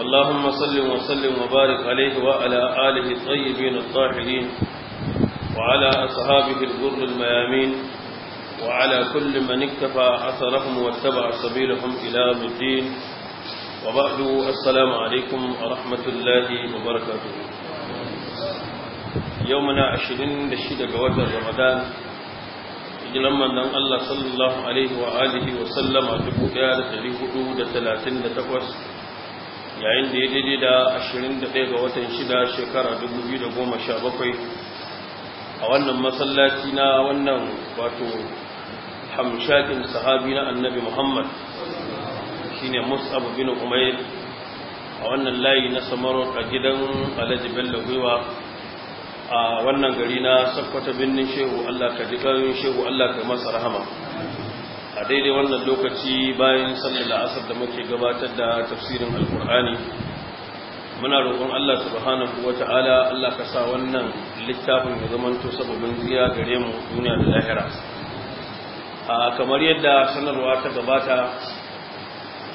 اللهم صل وسلم وبارك عليه وعلى آله الطيبين الطاهرين وعلى أصحابه الغر الميامين وعلى كل من اكتفى أثرهم واتبع سبيلهم إلى الدين وبعد السلام عليكم ورحمة الله وبركاته يومنا عشرين لشدة قوات رمضان hijiran manzon Allah sallallahu alaihi wa alihi wa sallama 1438 yayin da ya daidai da 21 ga watan 6 shekara 2017 a wannan masallaci na wannan wato hamshakin sahabi na annabi muhammad Shi shine abu bin umair a wannan layi na samaro a gidan alhaji bello gwiwa a wannan gari na sakwata birnin shehu allah ka ji shehu allah ka masa rahama a daidai wannan lokaci bayan sallar la'asar da muke gabatar da tafsirin alkur'ani muna roƙon Allah subhanahu wata'ala Allah ka sa wannan littafin ya zama to sababin ziya gare mu duniya da lahira a kamar yadda sanarwa ta gabata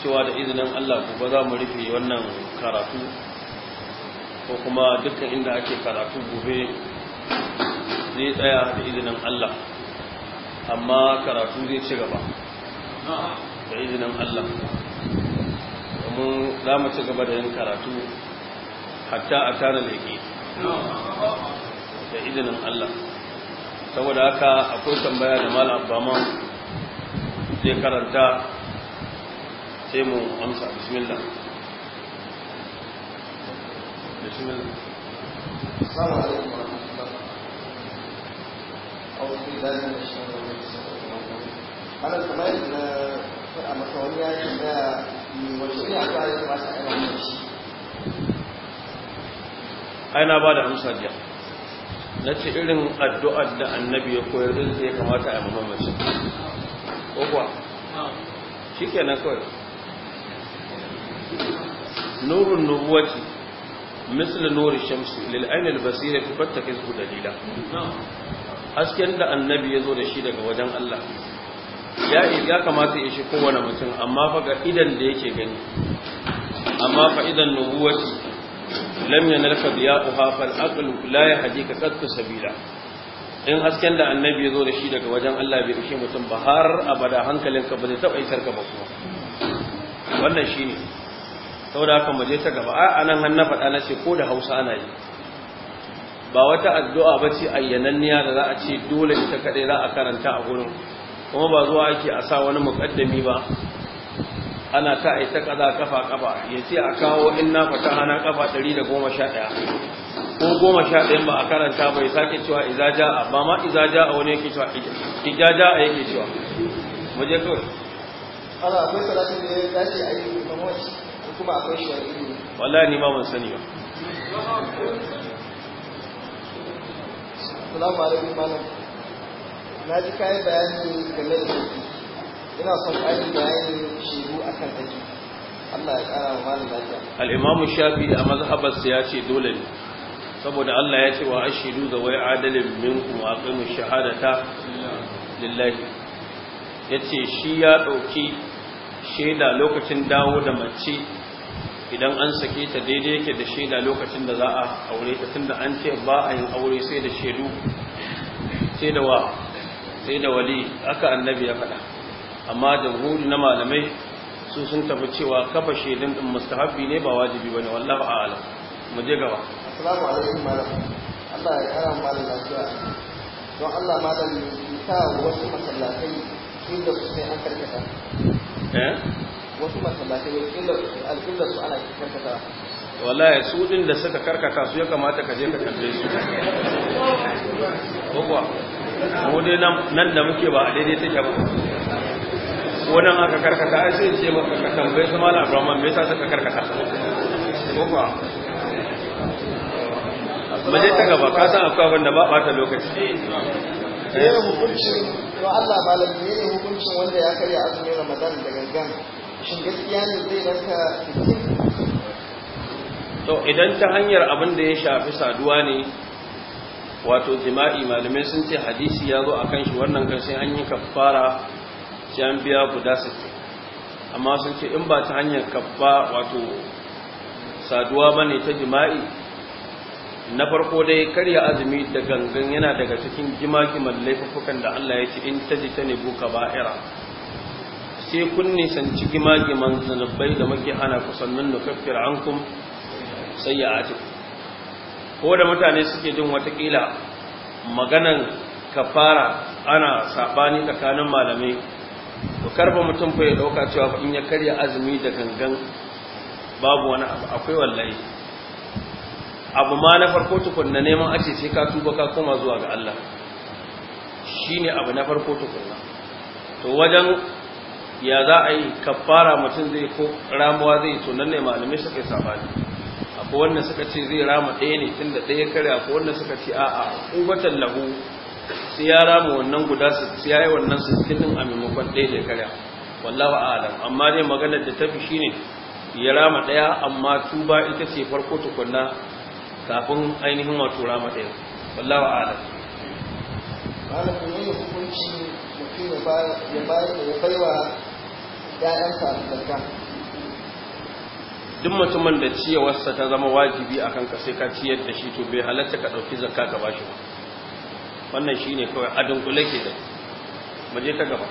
cewa da izinin Allah gobe za mu rufe wannan karatu ko kuma dukkan inda ake karatu gobe zai tsaya da izinin Allah amma karatu zai ci gaba da izinin Allah domin za mu ci gaba da yin karatu hatta a tana leke da izinin Allah saboda haka akwai tambaya da malam abbaman zai karanta sai mu amsa bismillah bismillah السلام عليكم ورحمة الله أعوذ بالله من الشيطان الرجيم malam kamar yadda a masa wani ya ne a shi ai na ba da amsa jiya na ce irin addu'ar da annabi ya koyar da zai kamata a yi mamaci ko shi ke na kawai nurun nubuwaci misali nuri shamsi lil'ainil basira fi fattakin su dalila hasken da annabi ya zo da shi daga wajen Allah ya kamata ya shi kowane mutum amma fa ga idan da yake gani amma fa idan nubuwati lam yanalka uha fal aql la yahdika qatta sabila in hasken da annabi ya zo da shi daga wajen Allah bai ishe mutum ba har abada hankalinka ba zai taɓa isar ka ba kuma wannan shi ne haka mu ta gaba a anan har na faɗa na ce ko da hausa ana yi ba wata addu'a ba ce ayyananniya da za a ce dole ita kadai za a karanta a gurin kuma ba zuwa ake a sa wani mukaddami ba ana ta aita kaza kafa kafa ya ce a kawo inna fata hana kafa 111 ko ɗaya ba a karanta bai sake cewa izaja a ba ma izaja a wani yake cewa ijaja a yake cewa waje kawai ala akwai salatin da ya dace a yi mamaci kuma akwai shi a ilimi wallahi ni ma ban sani ba salamu alaikum malam na ji kayan bayani game da sarki ina son kayan bayani shiru a kan sarki Allah ya kara wa malam lafiya al'imamu shafi a mazhabarsa ya ce dole ne saboda Allah ya ce wa ashidu da wai adalin minkum a aqimu shahadata lillahi yace shi ya dauki shaida lokacin dawo da mace idan an sake ta daidai yake da shaida lokacin da za a aure ta tunda an ce ba a yin aure sai da shaidu sai da wa sai da wali aka annabi ya faɗa amma jamhuri na malamai su sun tafi cewa kafa shaidan din mustahabbi ne ba wajibi bane wallahi a'lam mu je gaba assalamu alaikum malam Allah ya kara malam lafiya don Allah malam ya ta wasu masallatai inda su sai an karkata eh wasu masallatai inda alƙibla su ana karkata wallahi su din da suka karkata su ya kamata ka je ka tambaye su ko ko dai nan da muke ba a daidai take ba ko nan aka karkata ai sai ce maka ka tambaye su malam Abraham me yasa suka karkata ko ba ba ta gaba kasan san akwai wanda ba ɓata lokaci ne hukuncin to Allah malam ne ne hukuncin wanda ya karya azumin Ramadan da gangan shin gaskiya ne zai ranka to idan ta hanyar abin da ya shafi saduwa ne wato jima'i malamai sun ce hadisi ya zo a kan shi wannan kan sai an yi kafara sai an biya guda sittin amma sun ce in ba ta hanyar kafa wato saduwa ba ne ta jima'i na farko dai karya azumi da gangan yana daga cikin jimakiman laifukan da Allah ya ce in ta ji ta ne buka ba'ira sai kun nisanci man zanabbai da muke ana kusannin nukaffir ankum sai ya ko da mutane suke jin watakila maganan kafara ana sabani tsakanin malamai to karba mutum fa ya dauka cewa in ya karya azumi da gangan babu wani abu akwai wallahi abu ma na farko tukunna neman ake sai ka tuba ka koma zuwa ga Allah shine abu na farko tukunna to wajen ya za a yi kafara mutum zai ko ramuwa zai to nan ne malamai suka yi sabani ko wanda suka ce zai rama ɗaya ne tun da ɗaya karya ko wanda suka ce a'a ƙubatan lahu sai ya rama wannan guda sai ya yi wannan su cikin a maimakon ɗaya da karya wallahu a'lam amma dai maganar da tafi shine ya rama ɗaya amma tuba ita ce farko tukunna kafin ainihin wato rama ɗaya wallahu a'lam malamin yayin hukunci mutum ya bayar da ya baiwa ya'yansa zakka duk mutumin da ciyawarsa ta zama wajibi a kanka sai ka ciyar da shi to bai halatta ka ɗauki zakka ka bashi ba wannan shi ne kawai adin kula ke da je ta gaba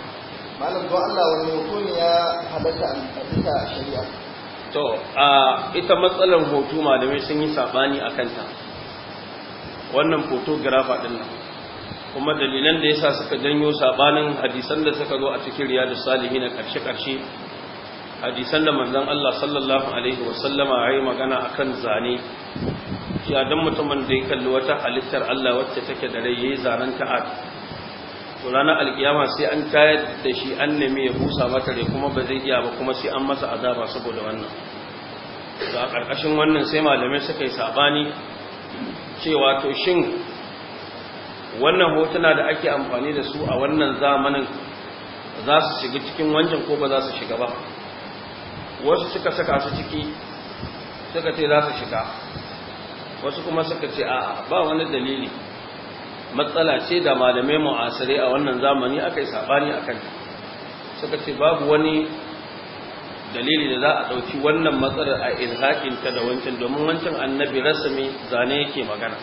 malam don allah wani hukumi ya halatta a bisa shari'a to a ita matsalar hoto malamai sun yi sabani a kanta wannan photographer din nan kuma dalilan da yasa suka janyo sabanin hadisan da suka zo a cikin riyadus salihin na karshe-karshe hadisan da manzan Allah sallallahu alaihi wasallama yi magana a kan zane ya don mutumin da ya kalli wata halittar Allah wacce take da rai ya yi zanen ta to ranar alkiyama sai an tayar da shi an nemi ya busa mata rai kuma ba zai iya ba kuma sai an masa azaba saboda wannan da a ƙarƙashin wannan sai malamai suka yi sabani cewa to shin wannan hotuna da ake amfani da su a wannan zamanin za su shiga cikin wancan ko ba za su shiga ba wasu suka saka su ciki suka ce za su shiga wasu kuma suka ce a ba wani dalili matsala ce da malamai mu'asirai a wannan zamani aka yi sabani a kan suka ce babu wani dalili da za a ɗauki wannan matsalar a ilhaƙinta da wancan domin wancan annabi rasami zane yake magana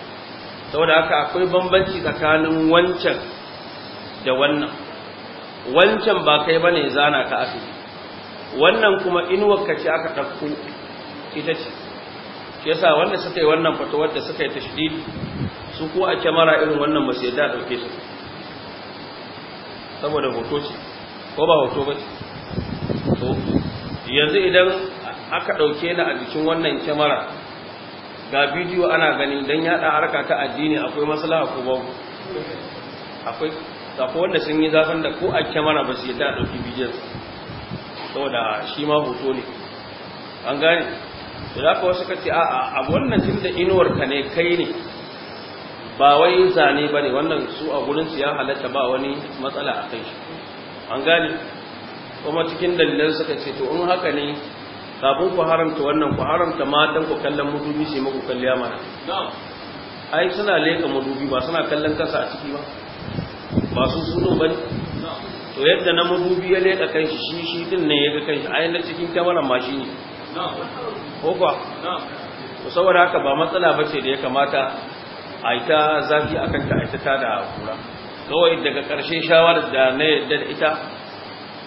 saboda haka akwai bambanci tsakanin wancan da wannan wancan ba kai bane zana ka asiri wannan kuma in ce aka ɗauko ita ce shi yasa wanda suka yi wannan fatawar da suka yi tashdid su ko a kyamara irin wannan ba su yadda a ɗauke su saboda hoto ce ko ba hoto ba ce To yanzu idan aka ɗauke ni a jikin wannan kyamara ga bidiyo ana gani don yaɗa harka ta addini akwai matsala ko babu akwai wanda sun yi zafin da ko a kyamara ba su yadda a ɗauki bidiyon saboda shi ma hoto ne an gane da za ka wasu ka ce a wannan tun da inuwarka ne kai ne ba wai zane ba ne wannan su a gurinsu ya halatta ba wani matsala a kai shi an gane kuma cikin dalilan suka ce to in haka ne kafin ku haramta wannan ku haramta matan ku kallon mudubi sai muku ya mana ai suna leka mudubi ba suna kallon kansa a ciki ba ba su ba ne. to yadda na madubi ya leka kan shi shi shi din ne ya ga kan shi cikin kyawaran ma shi ne ko saboda haka ba matsala ba ce da ya kamata a yi ta zafi a kanta a ita ta da kura kawai daga ƙarshe shawarar da na yadda da ita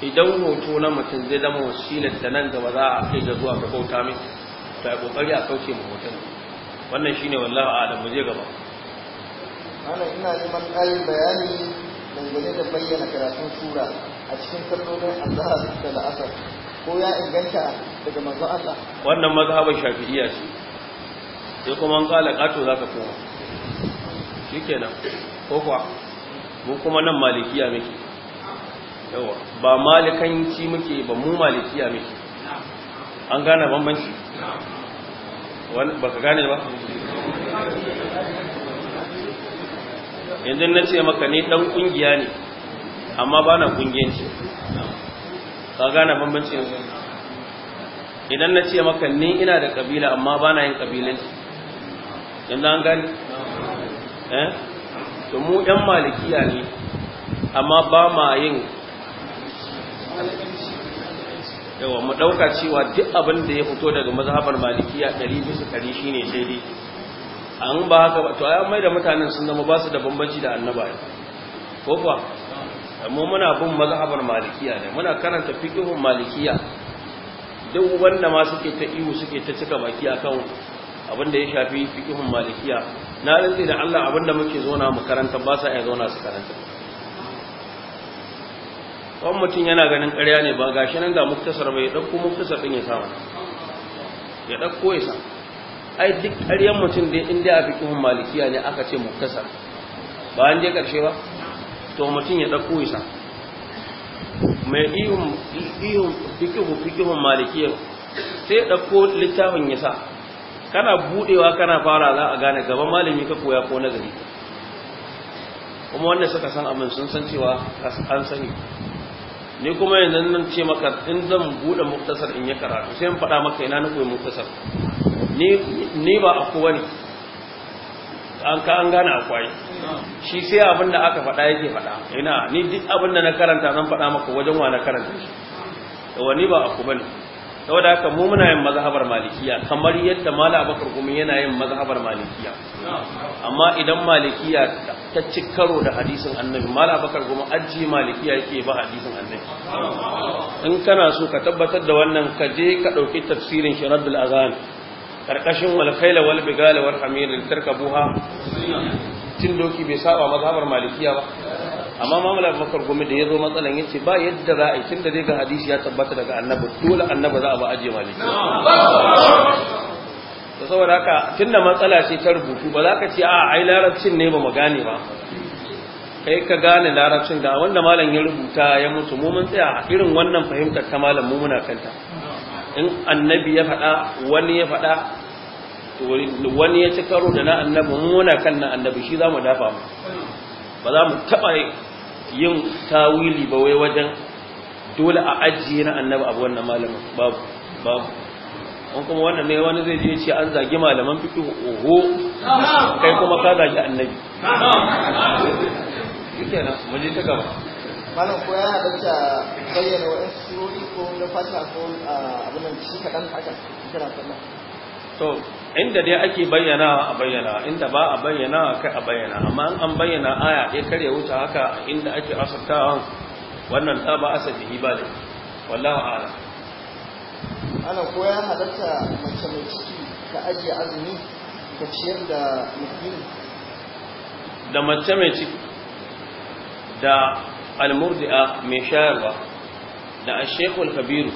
idan hoto na mutum zai zama wasilar da nan gaba za a kai da zuwa ga kauta min ta yi kokari a kauce mu hoton wannan shine wallahi a Adamu, mu gaba ana ina neman kayan bayani dangane da bayyana karatun sura a cikin sallolin azhar da la'asar ko ya inganta daga manzon Allah wannan mazhaban shafi'iyya ce sai kuma an kala kato zaka koma shikenan ko kuwa mu kuma nan malikiya muke yawa ba malikanci muke ba mu malikiya muke an gane bambanci ba ka gane ba yanzu na ce maka ne dan kungiya ne amma ba na ce ka gane bambanci yanzu idan na ce maka ne ina da kabila amma ba na yin kabilanci yanzu an gani eh to mu yan malikiya ne amma ba ma yin yawa mu dauka cewa duk abin da ya fito daga mazhabar malikiya 100 bisa 100 shine daidai an ba haka ba to ayan mai da mutanen sun zama ba su da bambanci da annaba ko kuwa amma muna bin mazhabar malikiya ne muna karanta fiqhun malikiya duk wanda ma suke ta iwu suke ta cika baki akan abin da ya shafi fiqhun malikiya na rantsi da Allah abinda muke na mu karanta ba sa iya na su karanta wani mutum yana ganin ƙarya ne ba gashi nan ga muktasar bai dauko muktasar ɗin ya samu ya dauko ya samu ai duk ƙaryan mutum dai inda a fikihun malikiya ne aka ce muktasar ba an je ƙarshe ba to mutum ya ɗauko isa mai ihun fikihu fikihun malikiya sai ɗauko littafin yasa kana buɗewa kana fara za a gane gaban malami ka koya ko nagari kuma wanda suka san abin sun san cewa an sani ni kuma yanzu nan ce maka in zan buɗe muktasar in ya karatu sai in faɗa maka ina na koyi muktasar ni ba a kowa an ka an gane akwai shi sai abin da aka faɗa yake faɗa ina ni duk abin da na karanta zan faɗa maka wajen wa na karanta shi wa ni ba a kowa ne saboda haka mu muna yin mazhabar malikiya kamar yadda mala abakar kuma yana yin mazhabar malikiya amma idan malikiya ta ci karo da hadisin annabi mala abakar kuma aji malikiya yake ba hadisin annabi in kana so ka tabbatar da wannan ka je ka ɗauki tafsirin shirar azan karkashin wal khayla wal bigala wal hamira litarkabuha tin doki bai saba mazhabar malikiya ba amma mamala bakar gumi da yazo matsalan yace ba yadda za a yi tunda dai ga hadisi ya tabbata daga annabi dole annabi za a ba ajiye maliki to saboda haka tunda matsala ce ta rubutu ba za ka ce a ai larabcin ne ba mu gane ba kai ka gane larabcin da wanda malam ya rubuta ya mutu mu mun tsaya irin wannan fahimtar ta malam mu muna kanta in annabi ya faɗa wani ya faɗa wani ya ci karo da na annabi muna kan na annabi shi za mu dafa mu ba za mu taɓa yin tawili ba wai wajen dole a ajiye na annabi abu wannan malamin babu babu an kuma wannan ne wani zai je ce an zagi malaman fito, oho kai kuma ka zagi annabi shikenan mu je ta gaba malam ko ya ta bayyana wa surori ko na fata ko abin nan shi kaɗan haka kira sallah to inda dai ake bayyana a bayyana inda ba a bayyana kai a bayyana amma an bayyana aya ya karya wuta haka inda ake asartawa wannan ta ba asali ba ne wallahu a'ala ana ko ya halatta mace mai ciki ta ajiye azumi ta ciyar da mutum da mace mai ciki da al-murdi'a mai shayarwa da al-shaykhul kabiru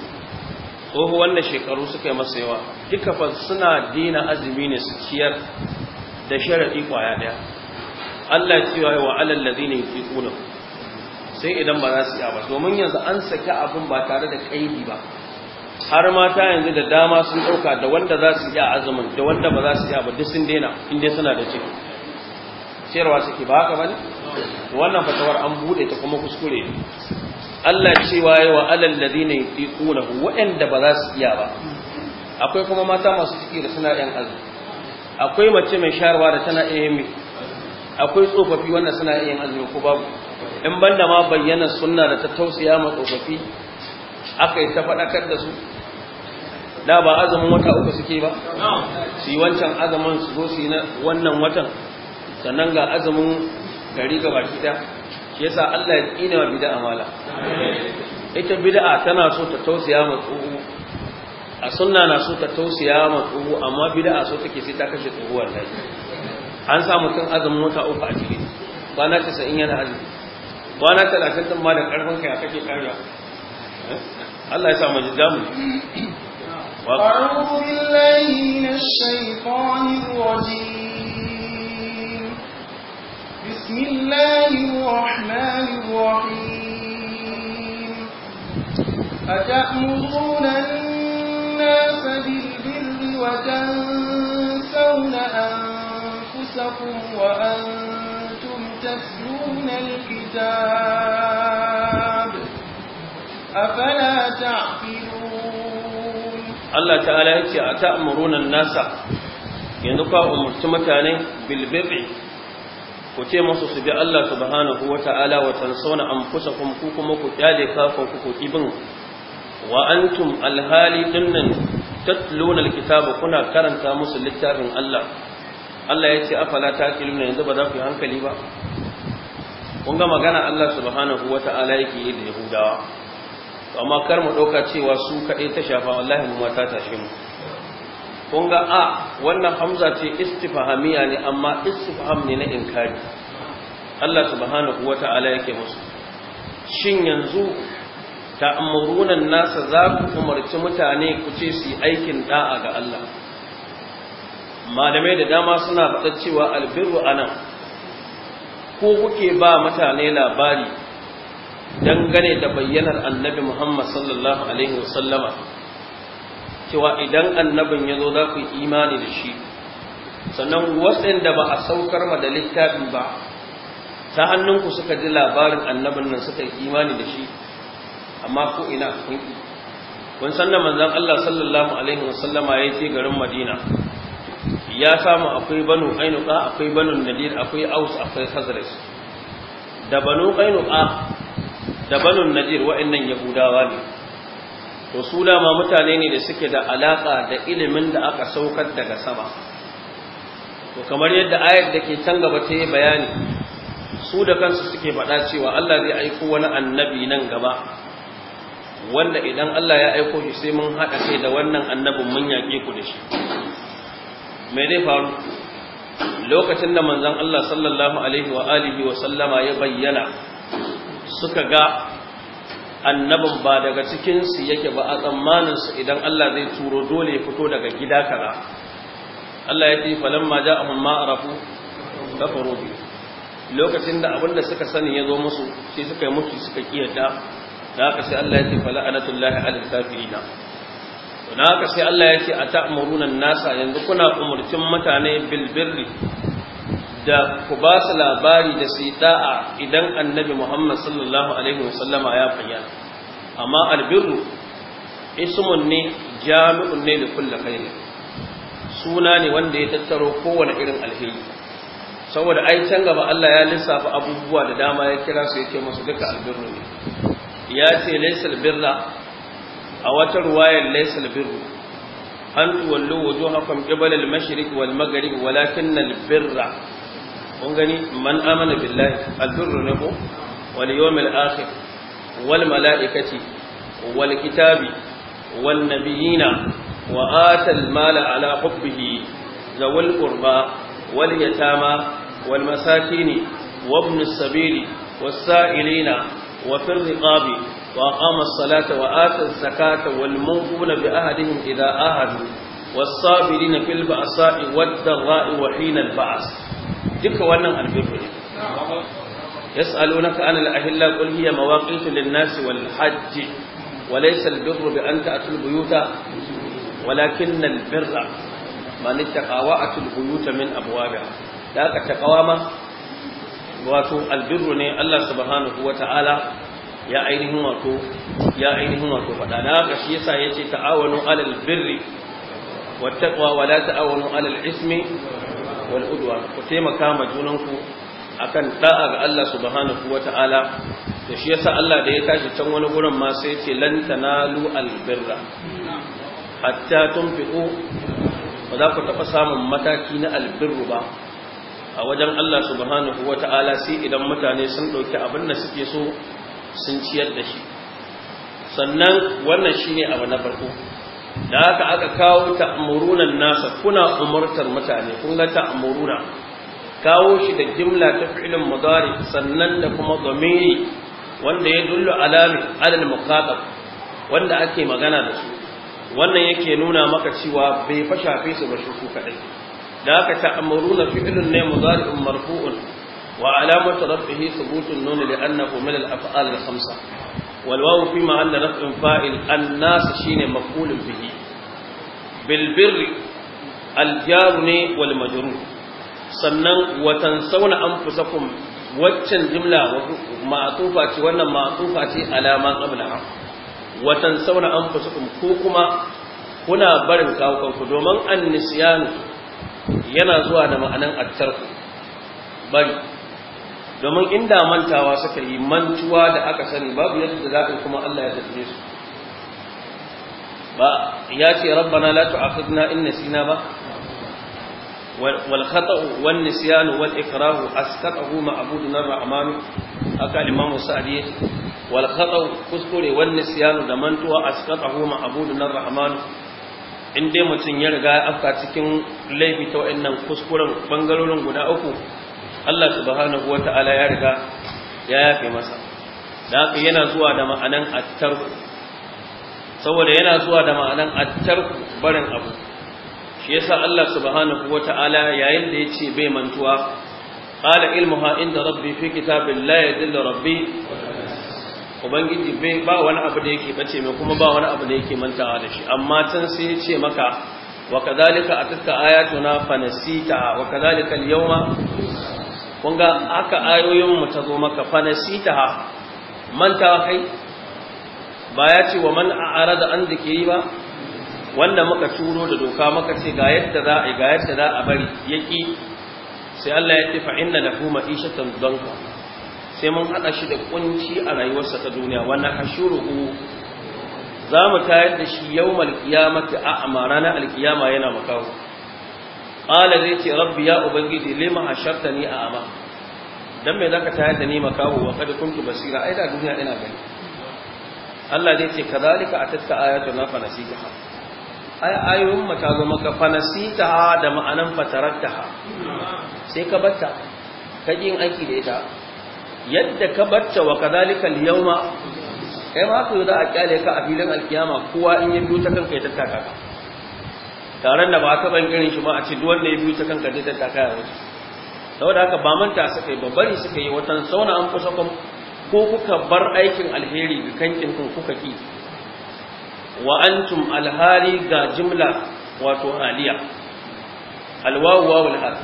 tsoho wannan shekaru suka yi masa yawa duka fa suna dina azumi ne su ciyar da sharadi kwaya daya Allah cewa wa alal ladina yuquna sai idan ba za su yi ba domin yanzu an saki abin ba tare da kaidi ba har mata yanzu da dama sun ɗauka da wanda za su yi azumin da wanda ba za su yi ba duk sun daina inda suna da ciki ciyarwa suke ba haka bane wannan fatawar an bude ta kuma kuskure Allah cewa yi wa alal ladina yutiqunahu wa'anda ba za su iya ba akwai kuma mata masu ciki da suna yan azu akwai mace mai sharwa da tana iya yin akwai tsofaffi wannan suna iya yin ko babu in banda ma bayyana sunna da ta tausaya ma tsofaffi aka yi ta fadakar da su da ba azumin wata uku suke ba su yi wancan azumin su zo su yi wannan watan sannan ga azumin gari ga baki da shi yasa Allah ya tsina wa bid'a mala ita bid'a tana so ta tausaya ma tsuhu a sunna na so ta tausaya ma tsuhu amma bid'a so take sai ta kashe tsuhu wallahi an sa mutum azumin wata uku a cikin kwana 90 yana azumi kwana 30 din ma da karfin kai kake karya eh? Allah ya sa mu jidamu أعوذ بالله من الشيطان الرجيم بسم الله الرحمن الرحيم أتأمرون الناس بالبر وتنسون أنفسكم وأنتم تتلون الكتاب أفلا تعقلون الله تعالى يتي أتأمرون الناس ينقى أمرت متاني بالبر ku ce masu su bi Allah subhanahu wa ta'ala wa tansauna anfusakum ku kuma ku kyale kafin ku ku ibin wa antum alhali dinnan tatluna kitabu, kuna karanta musu littafin Allah Allah ya ce afala taqiluna yanzu ba za ku yi hankali ba kun ga magana Allah subhanahu wa ta'ala yake yi da Yahudawa amma kar mu ɗauka cewa su kaɗai ta shafa wallahi mu mata tashe mu kun a wannan hamza ce istifahamiya ne amma istifaham ne na inkari Allah subhanahu wata'ala yake musu shin yanzu ta amurunan nasa za ku umarci mutane ku ce su aikin da'a ga Allah malamai da dama suna faɗa cewa albiru anan ko kuke ba mutane labari dangane da bayyanar annabi Muhammad sallallahu alaihi wasallama cewa idan annabin ya zo za ku yi imani da shi sannan da ba a saukar ma da littafi ba ta hannunku suka ji labarin annabin nan suka yi imani da shi amma ko ina kun kun san da manzon Allah sallallahu alaihi wasallama ya ce garin Madina ya samu akwai banu Ainuka, akwai banu Nadir akwai Aus akwai Khazraj da banu Ainuka da banu Nadir wa'annan Yahudawa ne to su dama mutane ne da suke da alaƙa da ilimin da aka saukar daga sama to kamar yadda ayar da ke can gaba ta yi bayani su da kansu suke faɗa cewa Allah zai aiko wani annabi nan gaba wanda idan Allah ya aiko shi sai mun haɗa kai da wannan annabin mun yaƙe ku da shi me dai faru lokacin da manzon Allah sallallahu alaihi wa alihi wa sallama ya bayyana suka ga annabin ba daga cikinsu yake ba a tsammaninsu idan Allah zai turo dole ya fito daga gida kara. Allah ya ce falamma ja'ahum ma arafu kafaru bi lokacin da abinda suka sani ya zo musu sai suka yi mutu suka kiyata da haka sai Allah ya ce fala anatullahi alal na. don haka sai Allah ya ce a ta'muruna nasa yanzu kuna umurcin mutane bil da ku ba su labari da su yi da'a idan annabi Muhammad sallallahu alaihi wasallama ya amma albirru ismun ne jami'un ne da kullu khairin suna ne wanda ya tattaro kowane irin alheri saboda ai can gaba Allah ya lissafa abubuwa da dama ya kira su yake masu duka albirru ne ya ce laysal birra a wata ruwayar laysal birru an tuwallu wajo hakan al Mashrik wal maghrib walakin al-birra kun gani man amana billahi al-durru ne ko wal yawm al-akhir wal mala'ikati wal kitabi wan nabiyina wa ala hubbihi zawal qurba wal yatama wal masakin wa ibn as-sabil was sa'ilina wa fil riqabi wa'atar aqama as-salata wa ata az-zakata wal mu'minuna bi ahadihim idha ahadu والصابرين في البعصاء والدراء وحين البعث duka wannan albirru ne yas'alunaka an al-ahilla qul hiya mawaqit lin-nas wal-hajj wa laysa al-birru bi an ta'tu al-buyuta walakin al-birra man ittaqawa atul buyuta min abwabiha da aka takawa ma wato albirru ne Allah subhanahu wa ta'ala ya ainihin wato ya ainihin wato fada na ga shi yasa yace ta'awanu alal birri wa taqwa wa la ta'awanu alal ismi wal udwa ku taimaka ma junanku akan da'a ga Allah subhanahu wata'ala to shi yasa Allah da ya tashi can wani gurin ma sai ce lan tanalu albirra hatta tunfiqu ba za ku taɓa samun mataki na albirru ba a wajen Allah subhanahu wata'ala sai idan mutane sun ɗauki abin da suke so sun ciyar da shi sannan wannan shine abu na farko da haka aka kawo ta'murunan nasa kuna umartar mutane kun ga ta'muruna kawo shi da jimla ta filin mudari sannan da kuma dhamiri wanda ya dullu alami alal muqaddam wanda ake magana da su wannan yake nuna maka cewa bai fa shafe su ba shuku kadai da haka ta'muruna fi'ilun ne mudari'un marfu'un wa alamatu rafihi thubutun nun li'annahu min al-af'al al-khamsa والواو في محل رفع فاعل الناس شين مفعول به بالبر الجار ne wal majrur an fi anfusakum waccan jimla, ma'tufa ce wannan ma'tufa ce alama an fi anfusakum ko kuma kuna barin kawukanku domin annisyan yana zuwa da ma'anan attarku bari domin inda mantawa suka yi mantuwa da aka sani babu yadda za kuma Allah ya tafiye su ba ya ce rabbana la tu'akhidna in nasina ba wal khata'u wan nisyanu wal ikrahu asqatahu ma'budun ar-rahman aka imam sa'di wal khata'u kuskure wan nisyanu da mantuwa asqatahu ma'budun ar-rahman in dai mutun ya riga ya afka cikin laifi ta wayannan kuskuren bangarorin guda uku Allah subhanahu wata'ala ya riga ya yafe masa da haka yana zuwa da ma'anan attarku. saboda yana zuwa da ma'anan attarku, barin abu shi yasa Allah subhanahu wata'ala yayin da yace bai mantuwa qala ilmuha inda rabbi fi kitabin la yadilla rabbi ubangiji bai ba wani abu da yake bace mai kuma ba wani abu da yake mantawa da shi amma tun sai ya ce maka wa kadhalika atatka ayatuna fanasita wa kadhalika al-yawma kun ga haka ayoyin mu ta zo maka fanasitaha manta kai ba ya ce wa man da an yi ba wanda muka turo da doka muka ce ga yadda za a ga yadda za a bari yaki sai Allah ya tafi fa inna lahu ma'ishatan danka sai mun haɗa shi da kunci a rayuwarsa ta duniya wannan ku? za mu tayar da shi yau qiyamati a amara na alqiyama yana makawo qala zai ce rabbi ya ubangiji lima hashartani a ama dan me zaka tayar da ni makawo wa kad kuntu basira ai da duniya ina gani Allah zai ce kadhalika atatka ayatuna fa nasitaha ay ayoyin mu ta zo maka fa nasitaha da ma'anan fatarattaha sai ka batta ka yin aiki da ita yadda ka batta wa kadalika al-yawma kai ma ka yi da a kyale ka a filin alkiyama kowa in yi duta kanka ya tattaka ka tare da ba a irin shi ma a ce duk wanda ya biyu ta kanka zai ta kaya wasu saboda haka ba manta suka yi babbari suka yi watan sauna an kusa ko kuka bar aikin alheri ga kankin kun kuka ki wa antum alhali ga jimla wato haliya alwawu wawul hal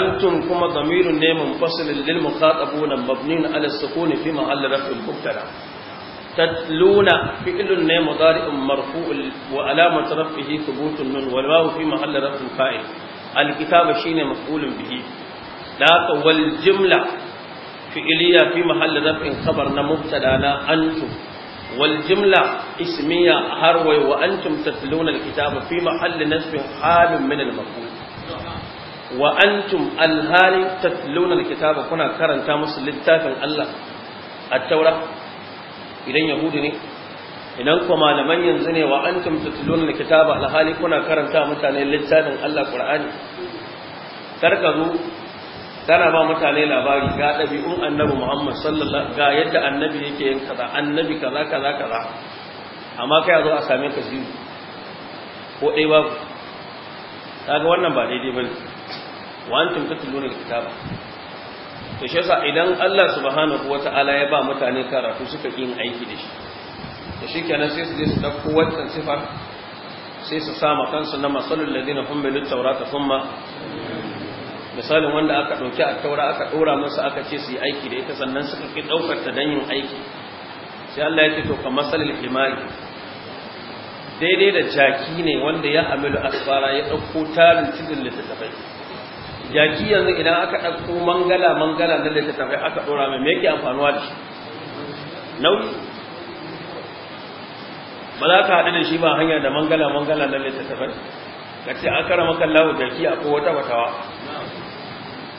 antum kuma zamirun ne munfasil lil mukhatabuna mabnin ala sukuni fi mahall raf'il mubtada تتلون فعل نيم مضارع مرفوع وعلامة رفعه ثبوت النون والواو في محل رفع فاعل الكتاب شين مفعول به لا والجملة فعلية في محل رفع خبر مبتدا أنتم والجملة اسمية هروي وأنتم تتلون الكتاب في محل نسب حال من المفعول وأنتم الهالي تتلون الكتاب كنا كرنتا مسلم للتافن الله التوراة idan yahudi ne idan kuma malaman yanzu ne wa antum tutlun kitaba alhali kuna karanta mutane littafin Allah Qur'ani karka tana kana ba mutane labari ga dabi'un annabi Muhammad sallallahu ga yadda annabi yake yin kaza annabi kaza kaza kaza amma kai zo a same ka ziru ko dai babu kaga wannan ba daidai bane wa antum tutlun kitaba to shi yasa idan Allah subhanahu wata'ala ya ba mutane karatu suka yin aiki da shi to shikenan sai su je su dauko wannan sifar sai su sama kansu na masalul ladina hum bil tawrata thumma misalin wanda aka dauki a taura aka dora masa aka ce su yi aiki da ita sannan suka ki daukar ta dan yin aiki sai Allah ya ce to ka masalul himari daidai da jaki ne wanda ya amilu asfara ya ɗauko tarin cikin littattafai jaki yanzu idan aka ɗauko mangala mangala da littattafai aka ɗora mai me yake amfanuwa da shi nauyi ba za ka haɗu da shi ba hanya da mangala mangala da littattafai ka ce an kara maka lawo jaki a ko wata watawa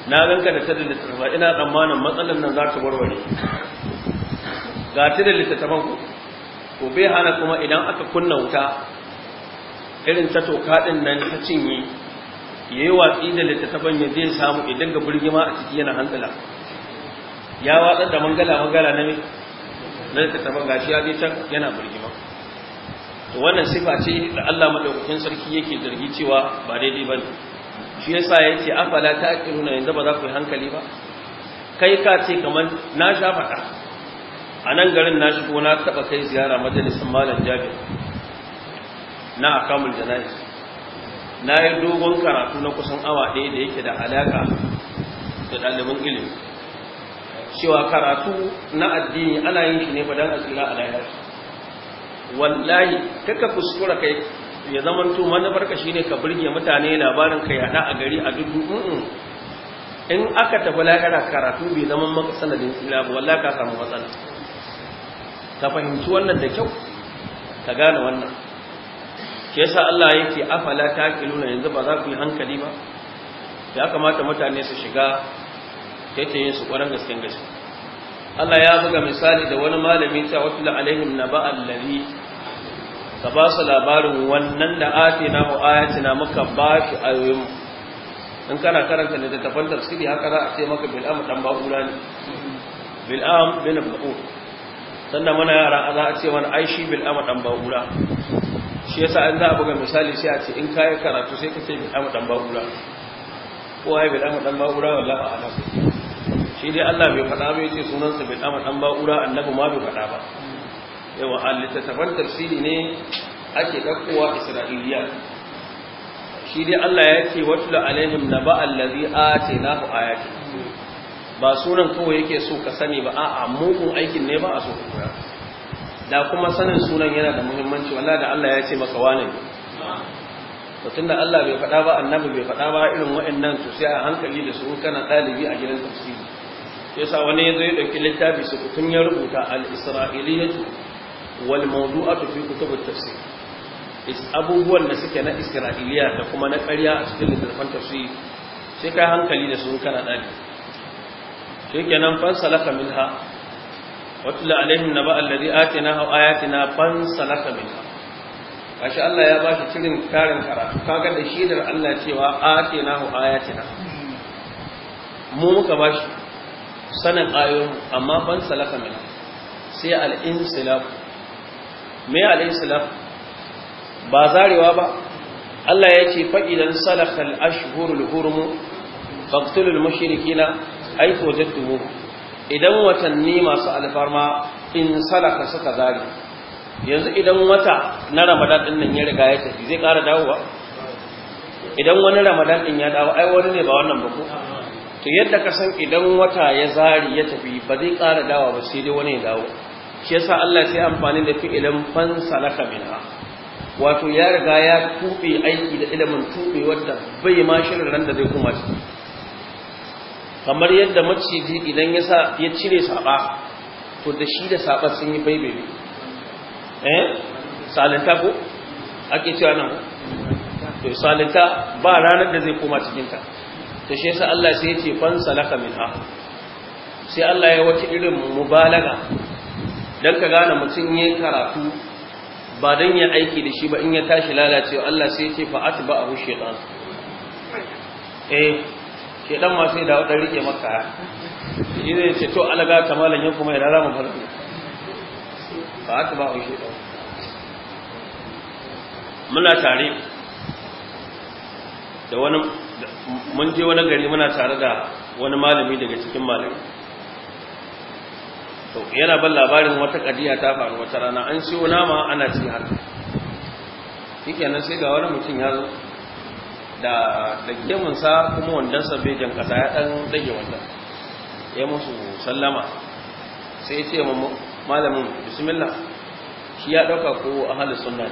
na ganka da ta da littattafai ina tsammanin matsalar nan za ta warware ga ta da littattafan ku ko bai hana kuma idan aka kunna wuta irin ta toka ɗin nan ta cinye ya yi watsi da littattafan ya zai samu idan ga birgima a ciki yana hantsala ya watsar da mangala mangala na na littattafan gashi ya zai yana birgima to wannan sifa ce da Allah madaukakin sarki yake zargi cewa ba daidai ba ne shi sa ya ce afala ta nuna yanzu ba za ku yi hankali ba kai ka ce kamar na sha faɗa a nan garin na shigo na taɓa kai ziyara majalisar malam jami'a na akamul janayi na yi dogon karatu na kusan awa ɗaya da yake da alaƙa da ɗalibin ilimi cewa karatu na addini ana yin shi ne ba don asira a layar wallahi kaka kuskura kai ya zamanto manufar ka shine ka burge mutane labarin ka yada a gari a dudu in aka tafi lahira karatu bai zama maka sanadin tsira ba wallahi ka samu matsala ta fahimci wannan da kyau ka gane wannan shi yasa Allah yake afala taqiluna yanzu ba za ku yi hankali ba ya kamata mutane su shiga yin su ƙwarar gasken gaske Allah ya buga misali da wani malami ta wakil na naba allazi ka ba su labarin wannan da na mu ayati na muka ba shi ayoyin in kana karanta littattafan tafsiri haka za a ce maka bil'am dan ba'ura ne bil'am bin abu sannan muna yara za a ce wani aishi bil'am dan ba'ura shi yasa an za a buga misali sai a ce in kayi karatu sai ka ce bi dama dan babura ko ai bi dama dan babura wallahi a'lam shi dai Allah bai faɗa ba yace sunan sa bi damu dan babura annabi ma bai faɗa ba yawa ta litatafan tafsiri ne ake dakkowa Isra'iliya shi dai Allah ya ce watlu alaihim naba allazi atainahu ayati ba sunan kawai yake so ka sani ba a'a mugun aikin ne ba a so ka da kuma sanin sunan yana da muhimmanci wala da Allah ya ce maka wani to tunda Allah bai faɗa ba annabi bai faɗa ba irin waɗannan to sai a hankali da su kana ɗalibi a gidan tafsiri yasa wani ya zai ɗauki littafi su kutun ya rubuta al-isra'iliyatu wal mawdu'atu fi kutub at-tafsir is abubuwan da suke na isra'iliya da kuma na ƙarya a cikin littafin tafsiri sai kai hankali da su kana ɗalibi shekenan fansalaka minha na واتل عليهم نبأ الذي آتناه آياتنا فانسلخ منها kashi Allah ya bashi cikin tarin karatu kaga da shidar Allah cewa ake na hau atinahu na. mu muka bashi sanin ayoyin amma ban salaka min sai al-insilaf me al-insilaf ba zarewa ba Allah ya ce fa'idan salakal ashhurul hurum faqtulul mushrikina ay wajadtumuhum idan watanni masu alfarma in salaka suka zari yanzu idan wata na ramadan din nan ya riga ya tafi zai ƙara dawowa idan wani ramadan din ya dawo ai wani ne ba wannan ba ko to yadda ka san idan wata ya zari ya tafi ba zai ƙara dawowa ba sai dai wani ya dawo shi yasa Allah sai amfani da fi'ilin fan salaka minha wato ya riga ya tuɓe aiki da ilimin tuɓe wadda bai ma shirin ran da zai kuma ciki kamar yadda maciji idan ya sa ya cire saba to da shi da saba sun yi baibaye eh salinta ko ake cewa nan to salinta ba ranar da zai koma cikin ta to shi yasa Allah sai ya ce fan salaka minha sai Allah ya wata irin mubalaga dan ka gane mutum yayin karatu ba dan ya aiki da shi ba in ya tashi lalacewa Allah sai ya ce fa atba'ahu shaytan eh dan ma sai da wata rike maka shi zai ce to alaga ta malam yan kuma ina zamu farko ba haka ba a shedan muna tare da wani mun je wani gari muna tare da wani malami daga cikin malami to yana ban labarin wata kadiya ta faru wata rana an siyo nama ana ci haka shikenan sai ga wani mutum ya zo da da sa kuma sa bai jan kasa ya dan dage wanda ya musu sallama sai ce mu malamin bismillah shi ya dauka ko ahli sunna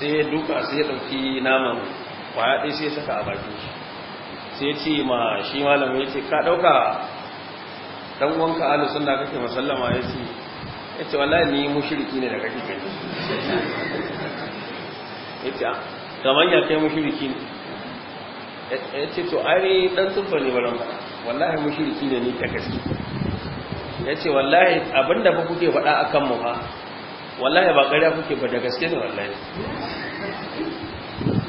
sai ya duka sai ya dauki naman kwaya ɗaya sai ya saka a shi sai ya ce ma shi malamin ya ce ka dauka dan wanka ahli sunna kake masallama ya ce ya ce wallahi ni mushriki ne da kake kai ya ce ah, kamar ya kai mushriki ne ya ce to ai dan tsufa ne balan wallahi mushriki ne ni ta gaske ya ce wallahi abinda ba kuke faɗa akan mu ba wallahi ba ƙarya kuke ba da gaske ne wallahi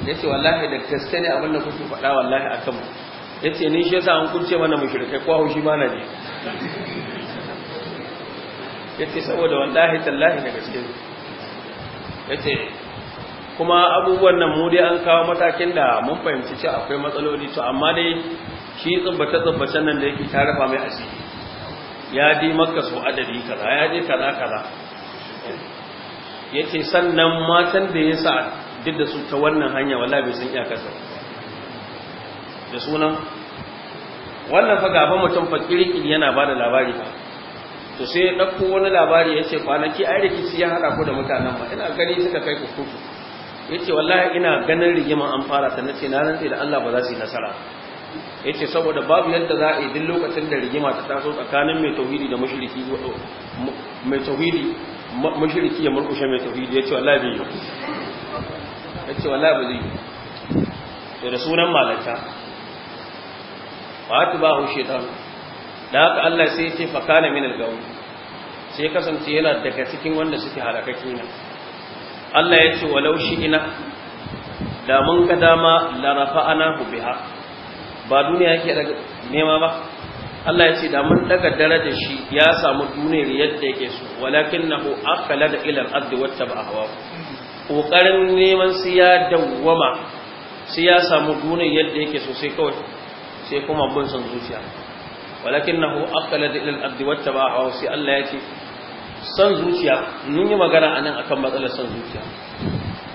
ya ce wallahi da gaske ne abinda kuke faɗa wallahi akan mu ya ce ni shi yasa an kunce mana mushrikai ko haushi ba na ne ya ce saboda wallahi tallahi da gaske ne ya ce kuma abubuwan nan mu dai an kawo matakin da mun fahimci cewa akwai matsaloli to amma dai shi tsubbace tsubbacen nan da yake ta mai asiri ya di maka su adadi kaza ya je kaza kaza yace sannan matan da ya sa duk da su ta wannan hanya wallahi bai san kasa? da sunan wannan fa gaban mutum fa kirkir yana bada labari ba to sai ya dauko wani labari yace kwanaki ai rikici ya hada ku da mutanen ba ina gani suka kai ku kuku yace wallahi ina ganin rigima an fara ta nace na rantsi da Allah ba za su yi nasara yace saboda babu yadda za a yi duk lokacin da rigima ta taso tsakanin mai tauhidi da mushriki mai tauhidi mushriki ya murkushe mai tauhidi yace wallahi bai yi yace wallahi ba zai yi da sunan malaka ba ba hu shaitan da haka Allah sai ya ce fakana min al-gawi sai kasance yana daga cikin wanda suke halakaki ne Allah ya ce walau shi ina da mun ka dama larafa ana biha ba duniya yake daga nema ba Allah ya ce da mun daga darajar shi ya samu duniyar yadda yake so walakinnahu akala da ilal ardi wattaba hawa kokarin neman su ya dawwama su ya samu duniyar yadda yake so sai kawai sai kuma bin san zuciya walakinnahu akala da ilal ardi wattaba hawa sai Allah ya ce san zuciya mun yi magana anan akan matsalar san zuciya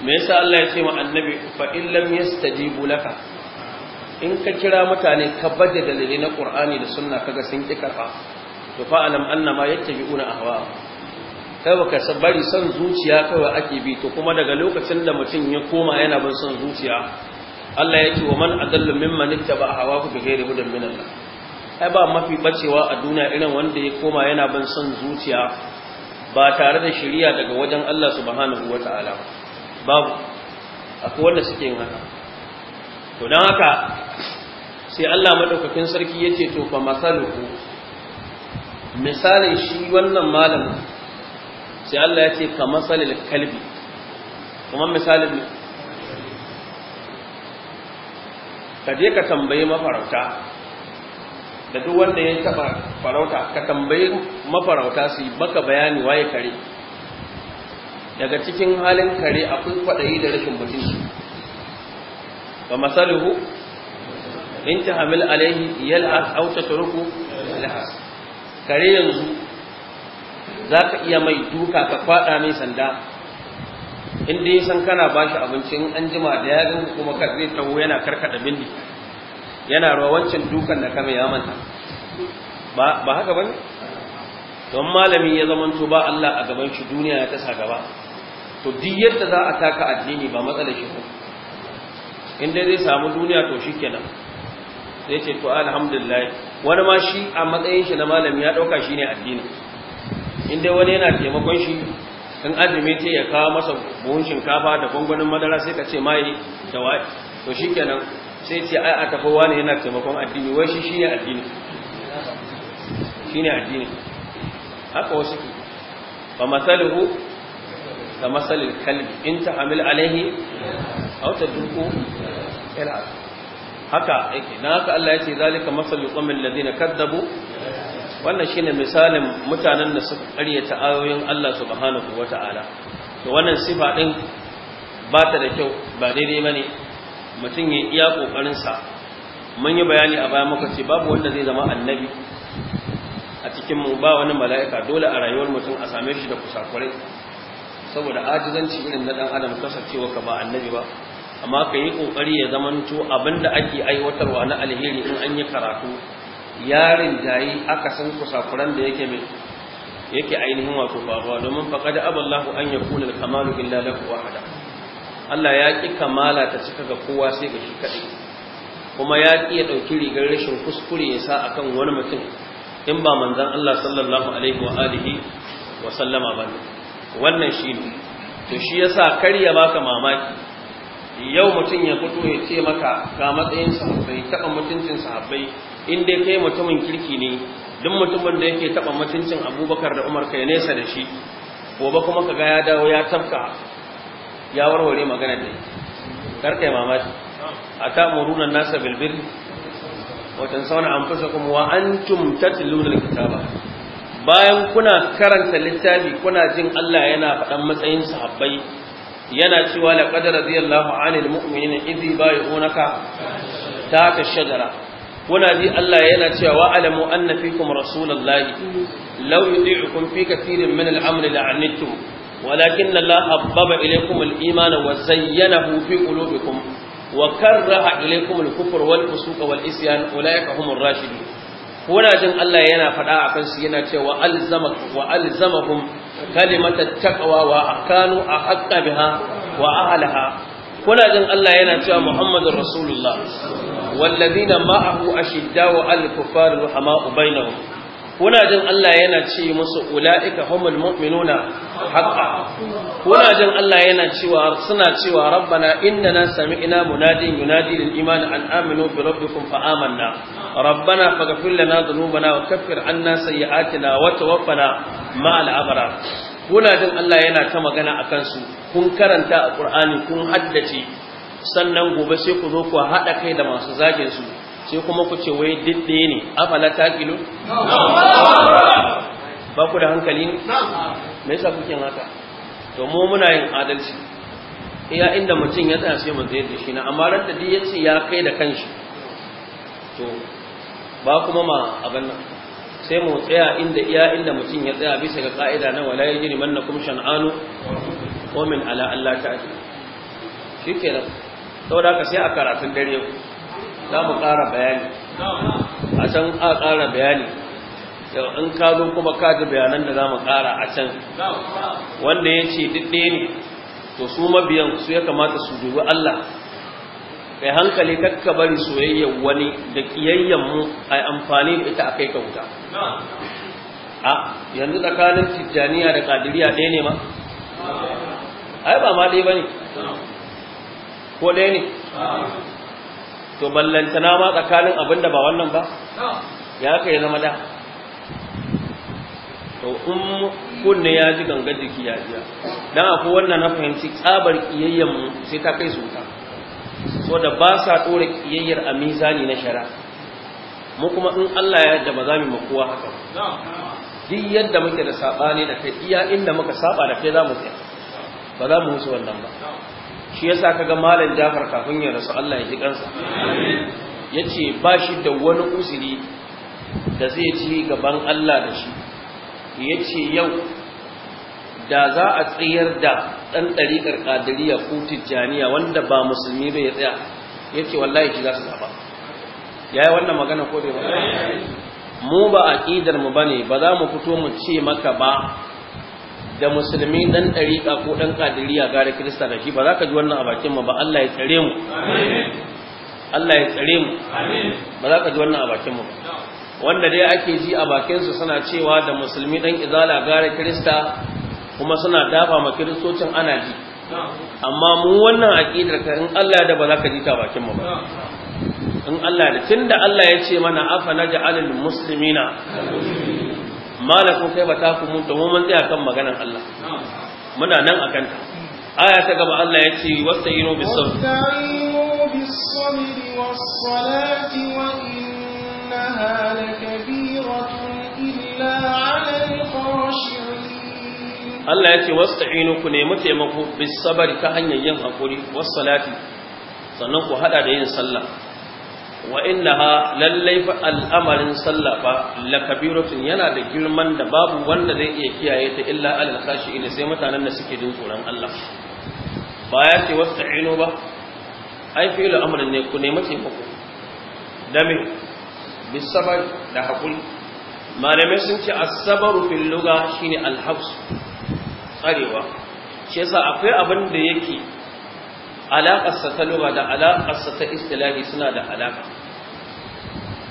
me yasa Allah ya ce wa annabi fa in lam yastajibu laka in ka kira mutane ka bada dalilai na Qur'ani da sunna kaga sun ki karba to fa alam annama yattabi'una ahwa kai baka bari san zuciya kawai ake bi to kuma daga lokacin da mutum ya koma yana bin san zuciya Allah ya ce wa man adallu mimman ittaba ku bighairi hudan min Allah ai ba mafi bacewa a duniya irin wanda ya koma yana bin son zuciya ba tare da shiriya daga wajen Allah subhanahu wata'ala babu akwai wanda suke yin haka to dan haka sai Allah madaukakin sarki yace to fa masaluhu misalin shi wannan malam sai Allah yace ka masalil kalbi kuma misalin ka je ka tambayi mafarauta da duk wanda ya taba farauta ka tambayi mafarauta su yi baka bayani waye kare daga cikin halin kare akwai kwaɗayi da rashin mutunci ba masaluhu in ta hamil alaihi yal'as aw Turku yal'as kare yanzu za ka iya mai duka ka kwada mai sanda Inda ya san kana bashi abincin an jima da ya kuma karfe tawo taho yana karkaɗa bindi yana ruwa wancan dukan da kame ya manta ba haka bane don malami ya zamanto ba Allah a gaban shi duniya ya tasa gaba to duk yadda za a taka addini ba matsalar shi ko in zai samu duniya to shikenan sai ce to alhamdulillah wani ma shi a matsayin shi na malami ya dauka ne addini inda wani yana taimakon shi in azumi ce ya kawo masa buhun shinkafa da gwangwanin madara sai ka ce mai da wa to shikenan sai ce ai aka fa wani yana taimakon addini wai shi shine addini shine addini haka wasu ke fa masaluhu ka masalil kalbi in ta amil alaihi aw tadruku ila haka yake dan haka Allah ya ce zalika masalul qawmil ladina kadzabu wannan shine misalin mutanen da suka ƙaryata ayoyin Allah subhanahu wataala to wannan sifa din ba ta da kyau ba daidai bane mutum ya iya ƙoƙarinsa mun yi bayani a baya muka ce babu wanda zai zama annabi a cikin mu. ba wani mala'ika dole a rayuwar mutum a same shi da kusakurai saboda ajizanci irin na ɗan adam kasancewa ka ba annabi ba amma ka yi ƙoƙari ya zamanto abinda ake aiwatarwa na alheri in an yi karatu yarin jayi san kusakuran da yake mai yake ainihin wato faruwa domin faƙada aballahu an yakuna al-kamalu illa lafi wahada Allah ya ƙi kamala ta cika ga kowa sai ga shi kaɗai kuma ya ƙi ya ɗauki rigar rashin kuskure ya sa akan wani mutum in ba manzan Allah sallallahu alaihi wa alihi wa sallama ba wannan shi ne to shi yasa kar ya baka mamaki yau mutum ya fito ya ce maka ga matsayin sahabbai taɓa mutuncin sahabbai in dai kai mutumin kirki ne duk mutumin da yake taɓa mutuncin abubakar da umar kai nesa da shi gobe kuma ka ga ya dawo ya tafka ya warware magana da karkai mamaki atamuruna nasa bil sauna an fasa kuma wa antum tatluna al kitaba bayan kuna karanta littafi kuna jin Allah yana faɗan matsayin sahabbai yana cewa laqad radiyallahu 'anil mu'minina idh bay'unaka ta ta shajara kuna ji Allah yana cewa wa anna fikum rasulullahi law yuti'ukum fi kathirin min al-amri la'anittum walakin Allah habbaba ilaykum al-iman wa zayyanahu fi qulubikum wa karraha ilaykum al-kufr wal fusuq wal isyan ulaika humur rashidun kuna Allah yana faɗa akan su yana cewa alzama wa alzamahum kalimatat a wa akanu ahqqa biha wa ahlaha kuna jin Allah yana cewa Muhammadur Rasulullah والذين معه أشداء على الكفار رحماء بينهم kuna jin Allah yana ce musu ula'ika humul mu'minuna haqqa kuna jin Allah yana cewa suna cewa rabbana innana sami'na munadin yunadi lil iman an aminu bi rabbikum fa amanna rabbana faghfir lana dhunubana wa kaffir anna sayyi'atina wa tawaffana ma'al abara.' kuna jin Allah yana ta magana akan su kun karanta a Qur'ani kun haddace sannan gobe sai ku zo ku haɗa kai da masu zagin su sai kuma ku ce wai didde ne afala taqilu ba ku da hankali ne me yasa kuke haka to mu muna yin adalci iya inda mutum ya tsaya sai mu zai da shi na amma ran da duk ya ce ya kai da kanshi to ba kuma ma abin nan sai mu tsaya inda iya inda mutum ya tsaya bisa ga ka'ida na wala yajrimannakum shan'anu min ala alla ta'ala shikenan saboda haka sai a karatun dare ku za mu ƙara bayani a can a ƙara bayani Yau in ka zo kuma ka ji bayanan da za mu ƙara a can wanda ya ce duk ɗaya ne to su mabiyan su ya kamata su dubi Allah kai hankali kakka bari soyayyar wani da ƙiyayyen mu a amfani da ita a kai ka wuta a yanzu tsakanin tijjaniya da kadiriya ɗaya ne ma ai ba ma ɗaya ba ne ko ɗaya ne to ballantana ma tsakanin abinda ba wannan ba ya ka yi zama da to in kunne ya ji ganga jiki ya jiya. dan akwai wannan na fahimci tsabar kiyayyen mu sai ta kai su so da ba sa ɗora kiyayyar a mizani na shara, mu kuma in Allah ya yarda ba za mu kowa haka duk yadda muke da sabani da kai iya inda muka saba da kai za mu ba za mu musu wannan ba shi yasa kaga malam Jafar kafin ya rasu Allah ya ji kansa yace ba shi da wani uziri da zai ci gaban Allah da shi yace yau da za a tsayar da ɗan ɗariƙar ƙadiriya ko tijjaniya wanda ba musulmi bai tsaya ya ce wallahi ki za su zaba. ya wannan magana ko bai ba mu ba a ƙidar mu ba ne ba za mu fito mu ce maka ba da musulmi dan dariƙa ko dan kadiriya gara kirista da shi ba za ka ji wannan a bakin mu ba Allah ya tsare mu Allah ya tsare mu ba za ka ji wannan a bakin mu wanda dai ake ji a bakin su suna cewa da musulmi dan izala gara kirista kuma suna dafa ma kiristocin ana ji amma mu wannan aqidar ka in Allah da ba za ka ji ta bakin mu ba in Allah da tunda Allah ya ce mana afa naj'alul muslimina malakun kai ba ta ku mun tawo mun tsaya kan maganar Allah muna nan akan ta aya ta gaba Allah ya ce wasta'inu bis sabr wasta'inu bis sabr was salati wa innaha lakabiratun illa 'alal khashi'in Allah ya ce wasta'inu ku nemi taimako bis sabr ta hanyar yin hakuri was salati sannan ku hada da yin sallah wa innaha lallai fa al'amarin sallah fa lakabiratun yana da girman da babu wanda zai iya kiyaye ta illa alal khashi'in sai mutanen da suke jin Allah ba ya ce wasta'inu ba ai fi'lu amrin ne ku nemi taimako dame bisabar da hakuri malamai sun ce as-sabru fil tsarewa akwai abin da yake alaƙarsa ta lura da alaƙarsa ta istilahi suna da alaƙa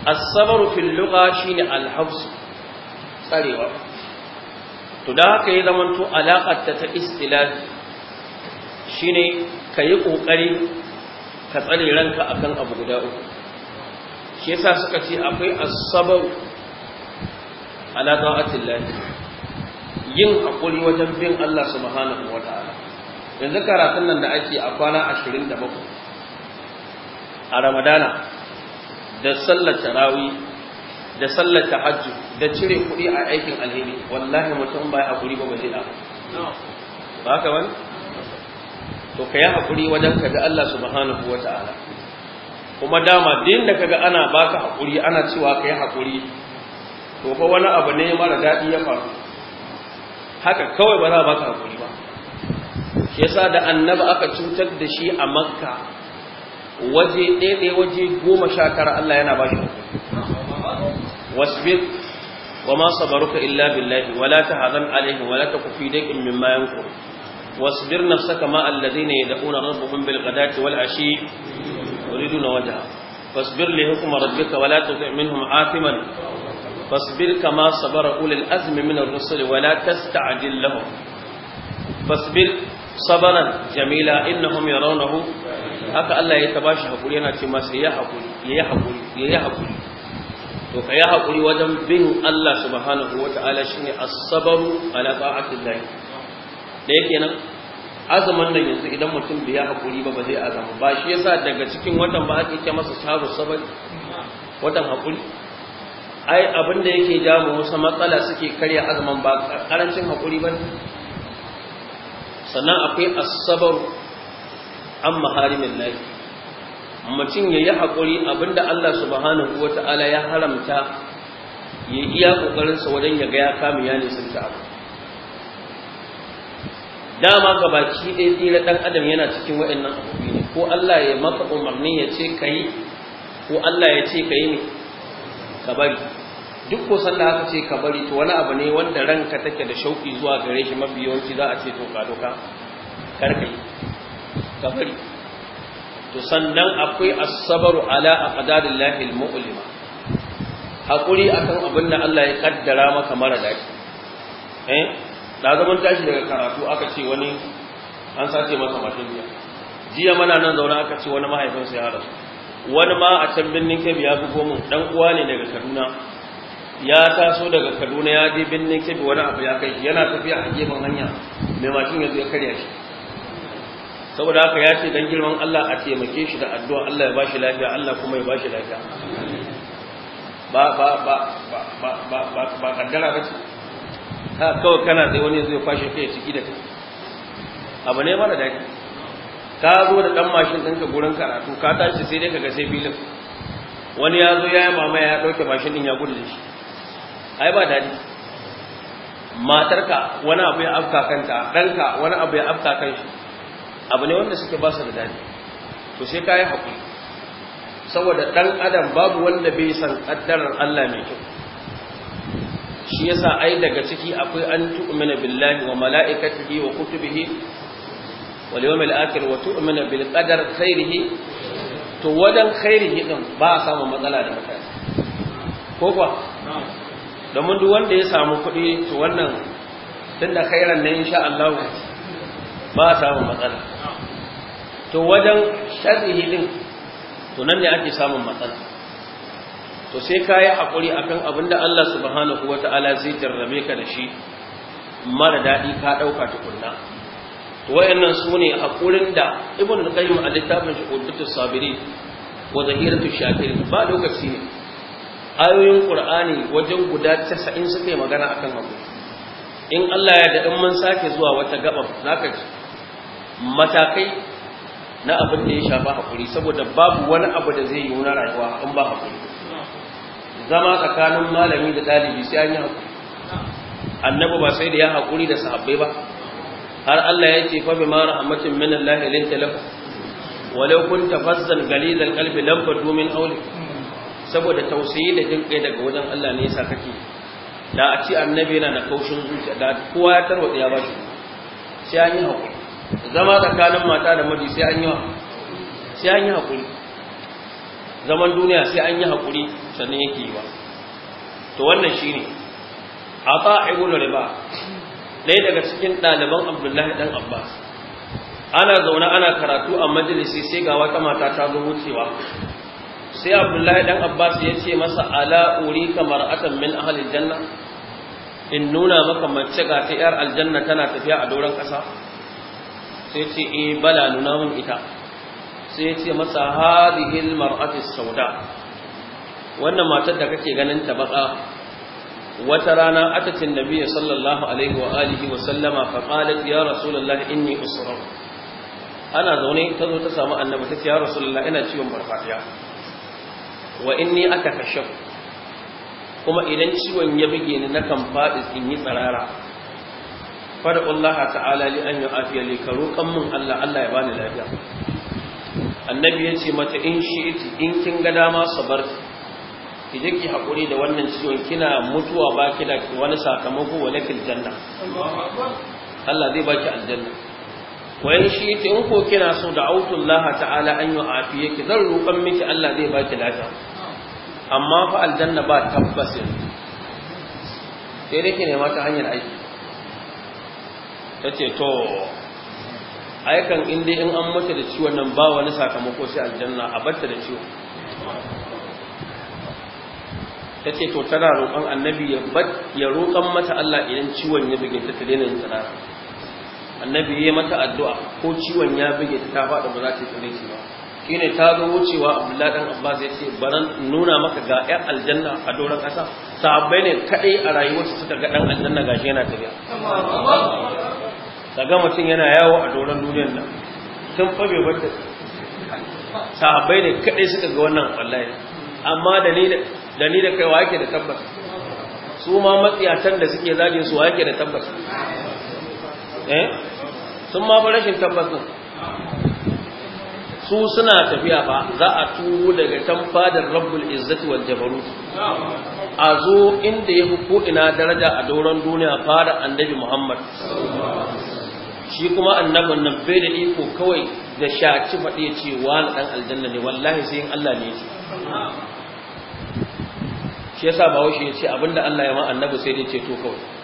as-sabru fil lugha shine al tsarewa to da haka ya zamanto alaƙar ta ta istilahi shine ka yi ƙoƙari ka tsare ranka akan abu guda uku shi yasa suka ce akwai as-sabr ala ta'atillah yin hakuri wajen bin Allah subhanahu wa ta'ala yanzu karatun nan da ake a kwana 27 a Ramadana da sallar tarawi da sallar tahajju da cire kuɗi a aikin alheri wallahi mutum ba ya haƙuri ba ba ba haka bane to ka yi haƙuri wajen ka ga Allah subhanahu wata'ala kuma dama din da ka ga ana baka haƙuri ana cewa ka yi haƙuri, to fa wani abu ne mara daɗi ya faru haka kawai ba za baka haƙuri ba yasa da annabi aka cutar da shi a makka waje ɗaya waje goma sha tara Allah yana ba shi wasbir wa ma sabaruka illa billahi wa la tahzan alaihim wa la taku fi daqin mimma yanqur wasbir nafsaka ma alladhina yad'una rabbahum bil ghadati wal ashi yuriduna wajha fasbir li hukmi rabbika wa la tuti' minhum athiman fasbir kama sabara ulul azmi min ar-rusul wa la tasta'jil lahum fasbir sabaran jamila innahum yarawnahu haka Allah ya taba shi hakuri yana ce masa ya hakuri ya hakuri ya hakuri to ka ya hakuri wajen bin Allah subhanahu wataala shine as-sabaru ala ta'atillah da yake nan azumin nan yanzu idan mutum bai hakuri ba ba zai azama ba shi yasa daga cikin watan ba ake ce masa sharu sabar watan hakuri ai abin da yake jamu wasu matsala suke karya azumin ba karancin hakuri bane sannan akwai asabar an maharimin lafi mutum ya yi haƙuri abinda Allah subhanahu wa ta'ala ya haramta ya iya ƙoƙarinsa wajen ya ga ya kama ya nisanci abu dama gabaki ɗaya tsira ɗan adam yana cikin waɗannan abubuwa ne ko Allah ya maka umarni ya ce ka yi ko Allah ya ce ka yi ne ka bari duk ko sallah aka ce ka bari to wani abu ne wanda ranka take da shauki zuwa gare shi mafi yawanci za a ce to ka doka karkai ka bari to sannan akwai as-sabru ala aqdarillahi al-mu'lima hakuri akan abin da Allah ya kaddara maka mara daɗi eh da zaman tashi daga karatu aka ce wani an sace masa mashin jiya jiya mana nan zaune aka ce wani mahaifinsa ya rasu wani ma a can birnin kebi ya fi gomin dan uwa ne daga kaduna ya taso daga kaduna ya je birnin kebe wani abu ya kai yana tafiya a gefen hanya mai makin yanzu ya karya shi saboda haka ya ce don girman Allah a taimake shi da addu'a Allah ya ba shi lafiya Allah kuma ya ba shi lafiya ba ba ba ba ba ba ba kaddara ba ce ha kawai kana zai wani zai kwashe kai ciki da kai abu ne mara daji? ka zo da ɗan mashin ɗinka gurin karatu ka tashi sai dai ka ga sai filin wani ya zo ya yi mamaya ya ɗauke mashin ɗin ya gudu da shi ai ba daɗi matarka wani abu ya afka kanta ɗanka wani abu ya afka kan shi abu ne wanda suke ba su da daɗi to sai ka yi haƙuri saboda ɗan adam babu wanda bai san ƙaddarar Allah mai kyau shi yasa ai daga ciki akwai an tu'mina billahi wa mala'ikatihi wa kutubihi wal yawmil akhir wa tu'mina bil qadar khairihi to wajen khairihi din ba a samu matsala da mutane ko kuwa domin duk wanda ya samu kuɗi to wannan tun da khairan ne insha Allah ba a samu matsala to wajen sharrihi din to nan ne ake samun matsala to sai ka yi haƙuri akan abin da Allah subhanahu wa ta'ala zai jarrabe ka da shi mara daɗi ka ɗauka tukunna to wayannan su ne hakurin da ibn al-qayyim a littafin shi sabiri sabirin wa zahiratu shakirin ba lokaci ne ayoyin qur'ani wajen guda 90 suka magana akan haƙuri in Allah ya daɗin mun sake zuwa wata gabar zaka ji matakai na abin da ya shafa hakuri saboda babu wani abu da zai yi wuna rayuwa in ba hakuri. zama tsakanin malami da dalibi sai an yi haƙuri annabi ba sai da ya hakuri da sahabbai ba har Allah ya ce fa bi ma rahmatin min Allah lin talaka walau kunta fazzan ghalidhal qalbi lam fadu min saboda tausayi da jin kai daga wajen Allah ne yasa kake da a ci annabi yana da kaushin zuciya da kowa ya tarwa ya bashi sai an yi hakuri zama tsakanin mata da miji sai an yi sai an yi hakuri zaman duniya sai an yi hakuri sannan yake yi ba to wannan shine ata ibn riba dai daga cikin ɗaliban abdullahi dan abbas ana zaune ana karatu a majalisi sai ga wata mata ta zo wucewa sai abdullahi dan abbas ya ce masa ala uri kamar atan min ahalil janna in nuna maka mace ga ta yar aljanna tana tafiya a doron ƙasa sai ce e bala nuna min ita sai ce masa hadihil mar'atu sauda wannan matar da kake ganin ta baka wata rana atatin nabiyyi sallallahu alaihi wa alihi wa sallama fa qalat ya rasulullahi inni usra ana zaune ta zo ta samu annabi ta ce ya rasulullahi ina ciwon farfadiya wa inni aka kashaf kuma idan ciwon ya buge ni nakan faɗi in yi tsarara fara Allah ta'ala li an yu'afiya li ka roƙan min Allah Allah ya bani lafiya annabi ya ce mata in shi in kin ga dama sabar ki je ki hakuri da wannan ciwon kina mutuwa ba ki da wani sakamako wa lakil janna Allah zai baki aljanna wayan shi yace in ko kina so da autun laha ta'ala an afiye ki zan roƙon miki Allah zai baki lafiya amma fa aljanna ba tabbas sai dai ki nema ta hanyar aiki tace to aikan in dai in an mata da ciwon nan ba wani sakamako sai aljanna a bata da ciwon ta ce to tana roƙon annabi ya roƙon mata Allah idan ciwon ya buge ta ta daina yin tsara annabi ya mata addu'a ko ciwon ya buge ta faɗa ba za ta yi shi ba kine ta zo wucewa Abdullahi dan Abbas ya ce baran nuna maka ga 'yan aljanna a doron ƙasa sahabbai ne kadai a rayuwarsa suka ga dan aljanna gashi yana tafiya daga mutum yana yawo a doron duniyar nan tun fa bai bar sahabbai ne kadai suka ga wannan wallahi amma da ni da ni da kai wa yake da tabbas su ma matsiyatan da suke zage su wa yake da tabbas eh sun ma fi rashin tabbas su suna tafiya ba za a tuwo daga can fadar rabbul izzati wal jabaru a zo inda ya fi ko ina daraja a doron duniya fara annabi muhammad shi kuma annabin nan bai da iko kawai da shaci ya ce wani ɗan aljanna ne wallahi sai in allah ne shi yasa ba ya ce abinda allah ya ma annabi sai dai ce to kawai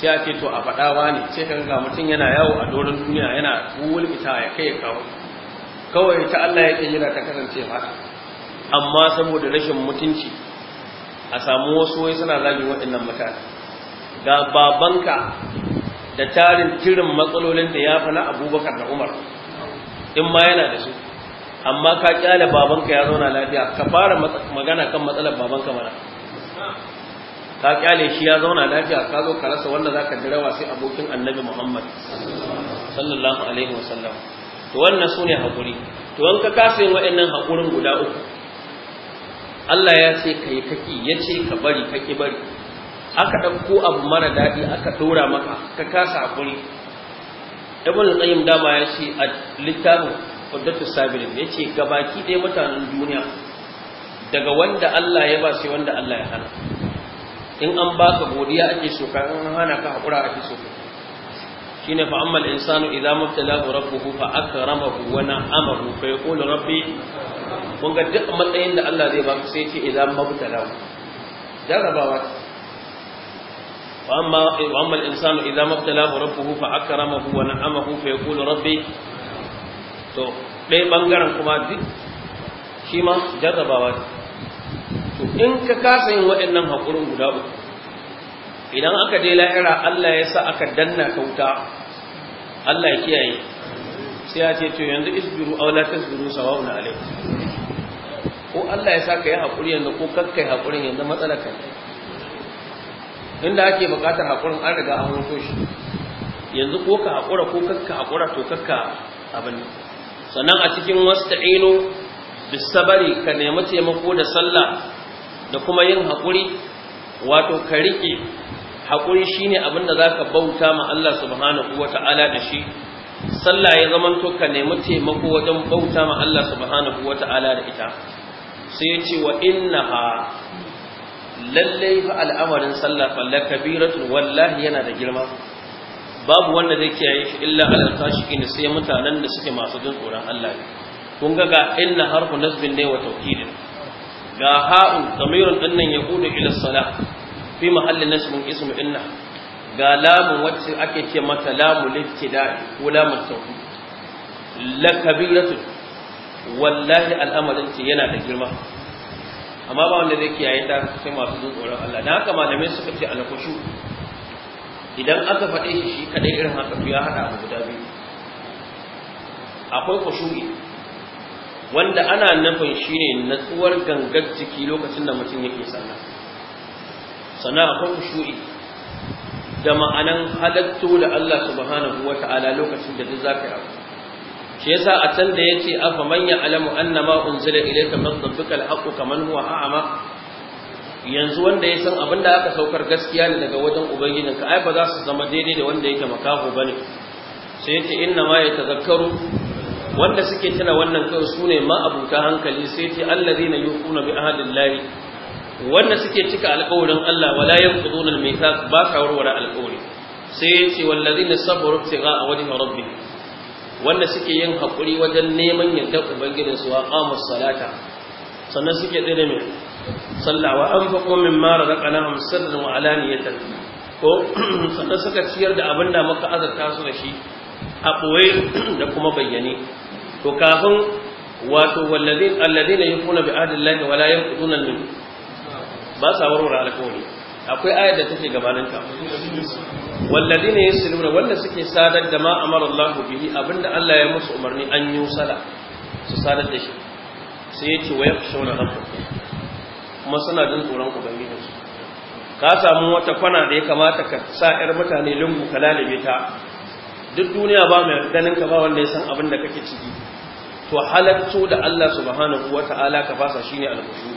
sai ce to a faɗawa ne sai ka ga mutum yana yawo a doron duniya yana wulkita ya kai kawo kawai ta Allah yake yana ta kasance ba amma saboda rashin mutunci a samu wasu wai suna zagin waɗannan mutane ga babanka da tarin tirin matsalolin da ya fi na abubakar da umar in ma yana da su amma ka kyale babanka ya zauna lafiya ka fara magana kan matsalar babanka mana ka kyale shi ya zauna lafiya ka zo ka rasa wanda zaka wa sai abokin annabi Muhammad sallallahu alaihi wasallam to wannan sune hakuri to an ka kasa yin hakurin guda uku Allah ya ce kai kaki yace ka bari kaki bari aka ɗauko abu mara daɗi aka ɗora maka ka kasa hakuri ibn al-qayyim dama ya ce a littafin uddatu sabirin ya gabaki ɗaya mutanen duniya daga wanda Allah ya ba sai wanda Allah ya hana in an ba ka godiya ake so ka in hana ka hakura ake so Shi shine fa amma al-insanu idza mubtalahu rabbuhu fa akramahu wa na'amahu fa yaqulu rabbi kun ga duk matsayin da Allah zai baka sai ce idza mubtalahu jarabawa wa idan wa ku rabu insanu idza mubtalahu rama fa wani wa na'amahu fa yaqulu rabbi to dai bangaren kuma duk shi ma jarrabawa in ka kasa yin waɗannan haƙurin guda uku idan aka je la'ira Allah ya sa aka danna ka wuta, Allah ya kiyaye sai ya ce to yanzu isbiru aw la tasbiru sawa'un alaykum ko Allah ya sa ka yi haƙuri yanzu ko kakkai haƙurin yanzu matsalar ka inda ake buƙatar haƙurin an riga an rufe shi yanzu ko ka haƙura ko kakka haƙura to kakka abin sannan a cikin wasta'inu bisabari ka nemi taimako da sallah da kuma yin haƙuri wato ka riƙe hakuri shine abin da zaka bauta ma Allah subhanahu wata'ala da shi sallah ya zaman to ka nemi taimako wajen bauta ma Allah subhanahu wata'ala da ita sai ya ce wa lallai fa al'amarin sallah fa la kabiratun wallahi yana da girma babu wanda zai kiyaye shi illa shi ne sai mutanen da suke masu jin tsoron Allah kun ga ga inna harfu nasbin ne wa tawkidin ga ha'un damirun dinnan ya kuɗe ila sala fi mahallin nasbin ism inna ga lamun wacce ake ce mata lamu liftida ko lamu tawhid la kabiratu wallahi al'amarin ce yana da girma amma ba wanda zai kiyaye ta sai masu jin tsoron Allah dan haka malamai suka ce alkushu idan aka faɗe shi shi irin haka ya hada abu guda biyu akwai kushu'i wanda ana nufin ne natsuwar gangar jiki lokacin da mutum yake sallah sana akwai shu'i, da ma'anan halatto da Allah subhanahu Ta'ala lokacin da duk zaka yi shi yasa a can da yace afa man ya'lamu alamu annama unzila ilayka min rabbika al kaman huwa a'ma yanzu wanda ya san abin da aka saukar gaskiya ne daga wajen ubangijinka ai ba za su zama daidai da wanda yake makaho bane sai yace inna ma yatazakkaru wanda suke tana wannan kan su ne ma hankali sai ce allazina yufuna bi ahadillahi wanda suke cika alƙawarin Allah wala yanquduna almithaq ba sa warware alƙawari sai ya ce wallazina sabaru tiga a wajhi rabbi wanda suke yin hakuri wajen neman yardar ubangijin su wa kama salata sannan suke tsere mai sallawa an sallah wa anfaqu mimma razaqnahum sirran wa alaniyatan ko sannan suka ciyar da abin da muka azarta su da shi a ɓoye da kuma bayyane to kafin wato wallazin allazina yufuna bi wa la yanquduna al ba sa warware alƙawari akwai ayar da take gabanin ka wallazina yusalluna wanda suke sadar da ma amara Allah bihi abinda Allah ya musu umarni an yi sala su sadar da shi sai yace wa yakhshawna rabbuhum kuma suna jin tsoron ubangiji ka samu wata kwana da ya kamata ka sa 'yar mutane lungu ka lalabe ta duk duniya ba mai ganin ka ba wanda ya san abin da kake ciki to halatto da Allah subhanahu wata'ala ka fasa shine al-khushu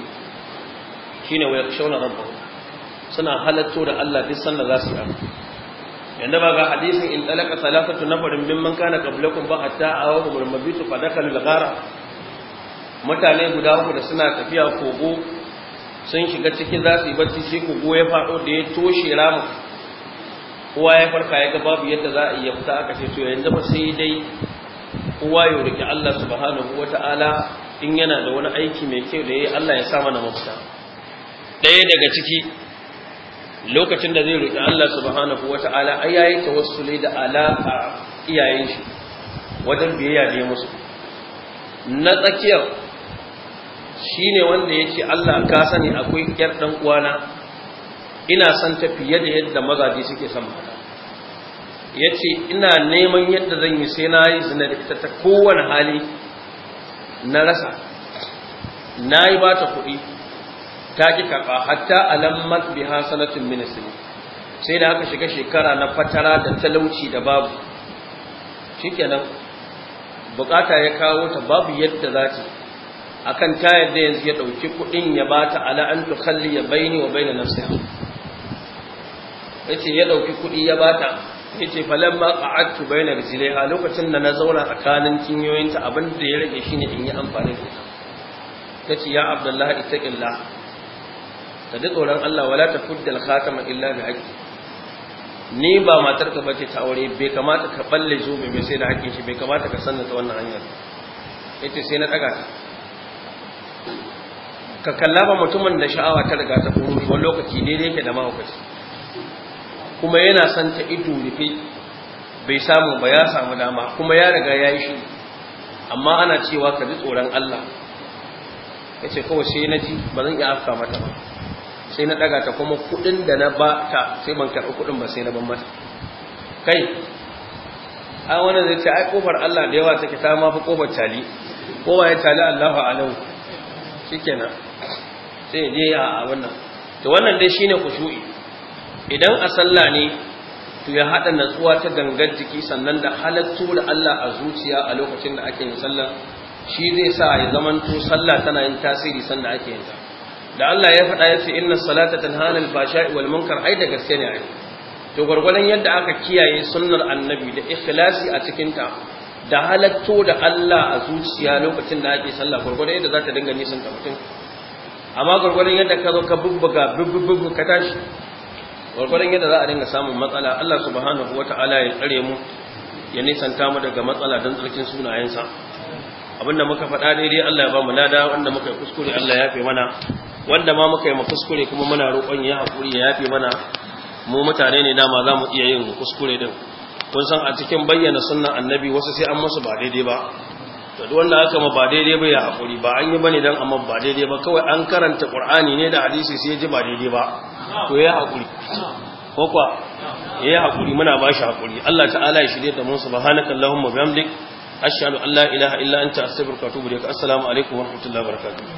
shine wa yakshawna rabbahum suna halatto da Allah duk sanda za su yi yanda ba ga hadisin in talaka salasatu nafarin man kana qablakum ba hatta awu mabitu fa al-ghara mutane guda uku da suna tafiya kogo sun shiga cikin za su yi bacci sai kogo ya fado da ya toshe ramu kowa ya farka ya ga babu yadda za a iya fita aka ce to yanzu ba sai dai kowa ya ke Allah subhanahu wata'ala in yana da wani aiki mai kyau da yi Allah ya sa mana mafita ɗaya daga ciki lokacin da zai roƙi Allah subhanahu wata'ala ai yayi tawassuli da alaƙa iyayen shi wajen biyayya da ya musu na tsakiyar ne wanda ya ce Allah ka sani akwai yar ɗan uwana ina son ta fiye da yadda mazaje suke son mata ya ce ina neman yadda zan yi sai na yi zina da ita ta kowane hali na rasa na yi ba ta kuɗi ta ki karɓa hatta alammat biha sanatin minisiri sai da haka shiga shekara na fatara da talauci da babu shikenan bukata ya kawo ta babu yadda za ta akan ta yadda yanzu ya ɗauki kuɗin ya ba ta ala an tukalli ya baini wa baina nafsiha yace ya ɗauki kuɗi ya ba ta yace falamma qa'adtu baina rijlaiha lokacin da na zauna tsakanin cinyoyinta abin da ya rage shine in yi amfani da ita tace ya abdullahi illa. ta ji tsoron Allah wala ta fuddal khatama illa bi haqqi ni ba matar ka bace ta aure bai kamata ka balle zo bai sai da hakkin shi bai kamata ka sanna ta wannan hanyar yace sai na daga ka kalla ba mutumin da sha'awa ta riga ta furo wani lokaci daidai ke da mahaukaci kuma yana son ta ido rufe bai samu ba ya samu dama kuma ya riga ya yi shi amma ana cewa ka ji tsoron Allah ya ce kawai sai na ji ba zan iya afka mata ba sai na ɗaga ta kuma kuɗin da na ba ta sai ban karɓi kuɗin ba sai na ban mata kai a wannan zai ce ai kofar Allah da yawa take ta ma fi kofar tali kowa ya tali Allahu alahu shikenan sai je a wannan to wannan dai shine kushu'i idan a sallah ne to ya haɗa natsuwa ta gangar jiki sannan da halatto da Allah a zuciya a lokacin da ake yin sallah shi zai sa ya zamanto sallah tana yin tasiri sannan ake yin ta da Allah ya faɗa ya ce inna salata tanhana al-fashai wal munkar ai da gaske ne ai to gurgurdan yadda aka kiyaye sunnar annabi da ikhlasi a cikin ta da halatto da Allah a zuciya lokacin da ake sallah gurgurdan yadda zaka dinga nisan ta mutum amma gurgurdan yadda ka zo ka bubbuga bubbuga ka tashi gwargwadon yadda za a dinga samun matsala Allah subhanahu wata'ala ya tsare mu ya nisanta mu daga matsala don tsarkin sunayensa abinda muka faɗa daidai Allah ya ba mu lada wanda muka yi kuskure Allah ya yafe mana wanda ma muka yi mu kuskure kuma muna roƙon ya haƙuri ya yafe mana mu mutane ne dama za mu iya yin kuskure din kun san a cikin bayyana sunnan annabi wasu sai an masu ba daidai ba to duk wanda aka ma ba daidai ba ya haƙuri ba an yi bane dan amma ba daidai ba kawai an karanta qur'ani ne da hadisi sai ya ji ba daidai ba ko ya haƙuri ko kuwa ya haƙuri muna ba shi haƙuri Allah ta'ala ya shirye da mu subhanaka allahumma bihamdik ashhadu an la ilaha illa anta astaghfiruka wa atubu ilaik assalamu alaikum wa rahmatullahi wa